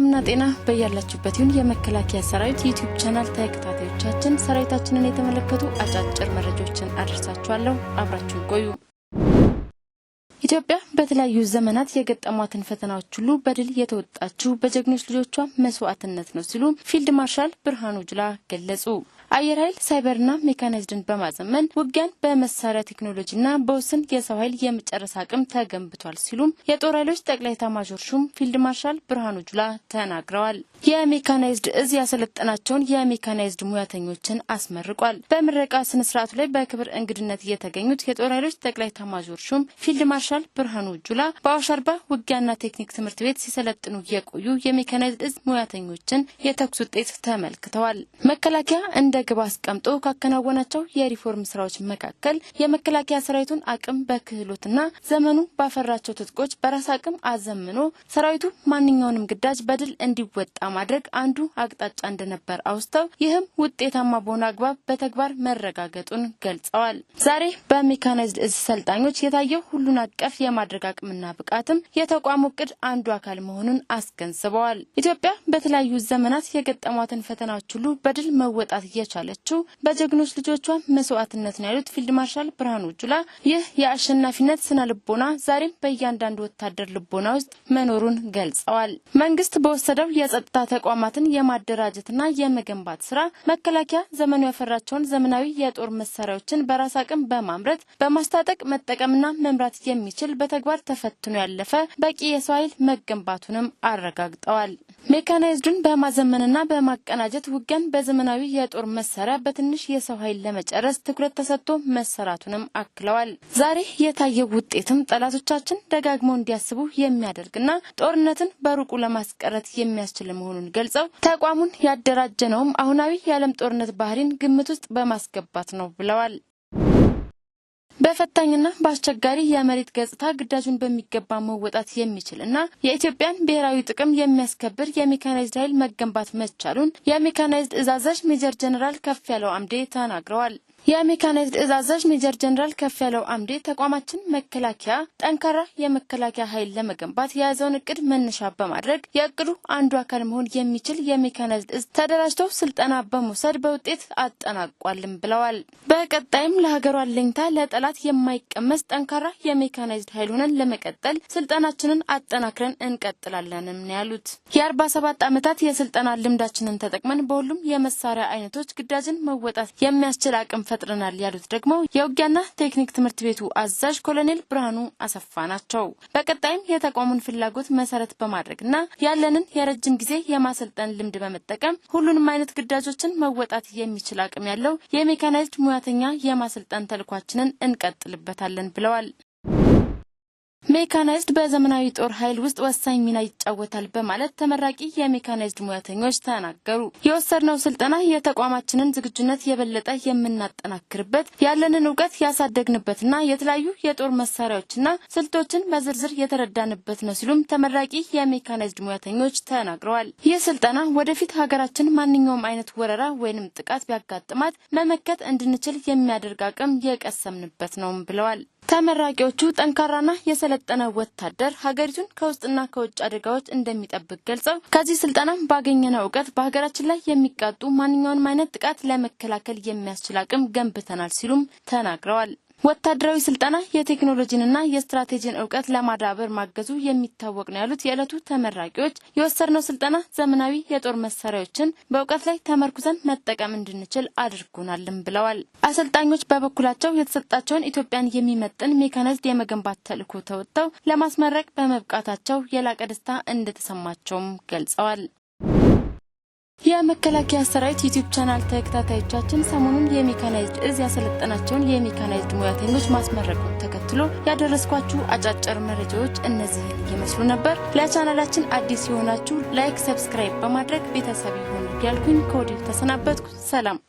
ሰላምና ጤና በያላችሁበት ይሁን። የመከላከያ ሰራዊት ዩቲዩብ ቻናል ተከታታዮቻችን ሰራዊታችንን የተመለከቱ አጫጭር መረጃዎችን አድርሳችኋለሁ አብራችሁ ቆዩ። ኢትዮጵያ በተለያዩ ዘመናት የገጠሟትን ፈተናዎች ሁሉ በድል የተወጣችው በጀግኖች ልጆቿ መስዋዕትነት ነው ሲሉ ፊልድ ማርሻል ብርሃኑ ጁላ ገለጹ። አየር ኃይል ሳይበርና ሜካናይዝድን በማዘመን ውጊያን በመሳሪያ ቴክኖሎጂና በውስን የሰው ኃይል የመጨረስ አቅም ተገንብቷል ሲሉም የጦር ኃይሎች ጠቅላይ ኤታማዦር ሹም ፊልድ ማርሻል ብርሃኑ ጁላ ተናግረዋል። የሜካናይዝድ እዝ ያሰለጠናቸውን የሜካናይዝድ ሙያተኞችን አስመርቋል። በምረቃ ስነ ስርዓቱ ላይ በክብር እንግድነት የተገኙት የጦር ኃይሎች ጠቅላይ ኤታማዦር ሹም ፊልድ ማርሻል ብርሃኑ ጁላ በአዋሽ አርባ ውጊያና ቴክኒክ ትምህርት ቤት ሲሰለጥኑ የቆዩ የሜካናይዝድ እዝ ሙያተኞችን የተኩስ ውጤት ተመልክተዋል። መከላከያ እንደ ግብ አስቀምጦ ካከናወናቸው የሪፎርም ስራዎች መካከል የመከላከያ ሰራዊቱን አቅም በክህሎትና ዘመኑ ባፈራቸው ትጥቆች በራስ አቅም አዘምኖ ሰራዊቱ ማንኛውንም ግዳጅ በድል እንዲወጣ ማድረግ አንዱ አቅጣጫ እንደነበር አውስተው ይህም ውጤታማ በሆነ አግባብ በተግባር መረጋገጡን ገልጸዋል። ዛሬ በሜካናይዝድ እዝ ሰልጣኞች የታየው ሁሉን አቀፍ የማድረግ አቅምና ብቃትም የተቋሙ እቅድ አንዱ አካል መሆኑን አስገንዝበዋል። ኢትዮጵያ በተለያዩ ዘመናት የገጠሟትን ፈተናዎች ሁሉ በድል መወጣት እየ የቻለችው በጀግኖች ልጆቿ መስዋዕትነት ነው ያሉት ፊልድ ማርሻል ብርሃኑ ጁላ፣ ይህ የአሸናፊነት ስነ ልቦና ዛሬም በእያንዳንዱ ወታደር ልቦና ውስጥ መኖሩን ገልጸዋል። መንግስት በወሰደው የጸጥታ ተቋማትን የማደራጀትና የመገንባት ስራ መከላከያ ዘመኑ ያፈራቸውን ዘመናዊ የጦር መሳሪያዎችን በራስ አቅም በማምረት በማስታጠቅ መጠቀምና መምራት የሚችል በተግባር ተፈትኖ ያለፈ በቂ የሰው ኃይል መገንባቱንም አረጋግጠዋል። ሜካናይዝዱን በማዘመንና በማቀናጀት ውጊያን በዘመናዊ የጦር መሳሪያ በትንሽ የሰው ኃይል ለመጨረስ ትኩረት ተሰጥቶ መሰራቱንም አክለዋል። ዛሬ የታየው ውጤትም ጠላቶቻችን ደጋግመው እንዲያስቡ የሚያደርግና ጦርነትን በሩቁ ለማስቀረት የሚያስችል መሆኑን ገልጸው ተቋሙን ያደራጀ ነውም አሁናዊ የዓለም ጦርነት ባህሪን ግምት ውስጥ በማስገባት ነው ብለዋል። በፈታኝና በአስቸጋሪ የመሬት ገጽታ ግዳጁን በሚገባ መወጣት የሚችል እና የኢትዮጵያን ብሔራዊ ጥቅም የሚያስከብር የሜካናይዝድ ኃይል መገንባት መቻሉን የሜካናይዝድ እዛዛዥ ሜጀር ጀኔራል ከፍ ያለው አምዴ ተናግረዋል። የሜካናይዝድ እዝ አዛዥ ሜጀር ጀነራል ከፍ ያለው አምዴ ተቋማችን መከላከያ ጠንካራ የመከላከያ ኃይል ለመገንባት የያዘውን እቅድ መነሻ በማድረግ የእቅዱ አንዱ አካል መሆን የሚችል የሜካናይዝ እዝ ተደራጅቶ ስልጠና በመውሰድ በውጤት አጠናቋልም ብለዋል። በቀጣይም ለሀገሯ አለኝታ ለጠላት የማይቀመስ ጠንካራ የሜካናይዝድ ኃይል ሆነን ለመቀጠል ስልጠናችንን አጠናክረን እንቀጥላለንም ነው ያሉት። የአርባ ሰባት ዓመታት የስልጠና ልምዳችንን ተጠቅመን በሁሉም የመሳሪያ አይነቶች ግዳጅን መወጣት የሚያስችል አቅም ፈጥረናል ያሉት ደግሞ የውጊያና ቴክኒክ ትምህርት ቤቱ አዛዥ ኮሎኔል ብርሃኑ አሰፋ ናቸው። በቀጣይም የተቋሙን ፍላጎት መሰረት በማድረግና ያለንን የረጅም ጊዜ የማሰልጠን ልምድ በመጠቀም ሁሉንም አይነት ግዳጆችን መወጣት የሚችል አቅም ያለው የሜካናይዝድ ሙያተኛ የማሰልጠን ተልኳችንን እንቀጥልበታለን ብለዋል። ሜካናይዝድ በዘመናዊ ጦር ኃይል ውስጥ ወሳኝ ሚና ይጫወታል በማለት ተመራቂ የሜካናይዝድ ሙያተኞች ተናገሩ። የወሰድነው ስልጠና የተቋማችንን ዝግጁነት የበለጠ የምናጠናክርበት፣ ያለንን እውቀት ያሳደግንበትና የተለያዩ የጦር መሳሪያዎችና ስልቶችን በዝርዝር የተረዳንበት ነው ሲሉም ተመራቂ የሜካናይዝድ ሙያተኞች ተናግረዋል። ይህ ስልጠና ወደፊት ሀገራችን ማንኛውም አይነት ወረራ ወይንም ጥቃት ቢያጋጥማት መመከት እንድንችል የሚያደርግ አቅም የቀሰምንበት ነውም ብለዋል። ተመራቂዎቹ ጠንካራና የሰለጠነ ወታደር ሀገሪቱን ከውስጥና ከውጭ አደጋዎች እንደሚጠብቅ ገልጸው ከዚህ ስልጠና ባገኘነው እውቀት በሀገራችን ላይ የሚቃጡ ማንኛውንም አይነት ጥቃት ለመከላከል የሚያስችል አቅም ገንብተናል ሲሉም ተናግረዋል። ወታደራዊ ስልጠና የቴክኖሎጂንና የስትራቴጂን እውቀት ለማዳበር ማገዙ የሚታወቅ ነው ያሉት የዕለቱ ተመራቂዎች የወሰድነው ስልጠና ዘመናዊ የጦር መሳሪያዎችን በእውቀት ላይ ተመርኩዘን መጠቀም እንድንችል አድርጎናልም ብለዋል። አሰልጣኞች በበኩላቸው የተሰጣቸውን ኢትዮጵያን የሚመጥን ሜካኒዝም የመገንባት ተልዕኮ ተወጥተው ለማስመረቅ በመብቃታቸው የላቀ ደስታ እንደተሰማቸውም ገልጸዋል። የመከላከያ ሰራዊት ዩቲዩብ ቻናል ተከታታዮቻችን ሰሞኑን የሜካናይዝድ እዝ ያሰለጠናቸውን የሜካናይዝድ ሙያተኞች ማስመረቁን ተከትሎ ያደረስኳችሁ አጫጭር መረጃዎች እነዚህን ይመስሉ ነበር። ለቻናላችን አዲስ የሆናችሁ ላይክ፣ ሰብስክራይብ በማድረግ ቤተሰብ ይሁኑ ያልኩኝ ከወዲሁ ተሰናበትኩ። ሰላም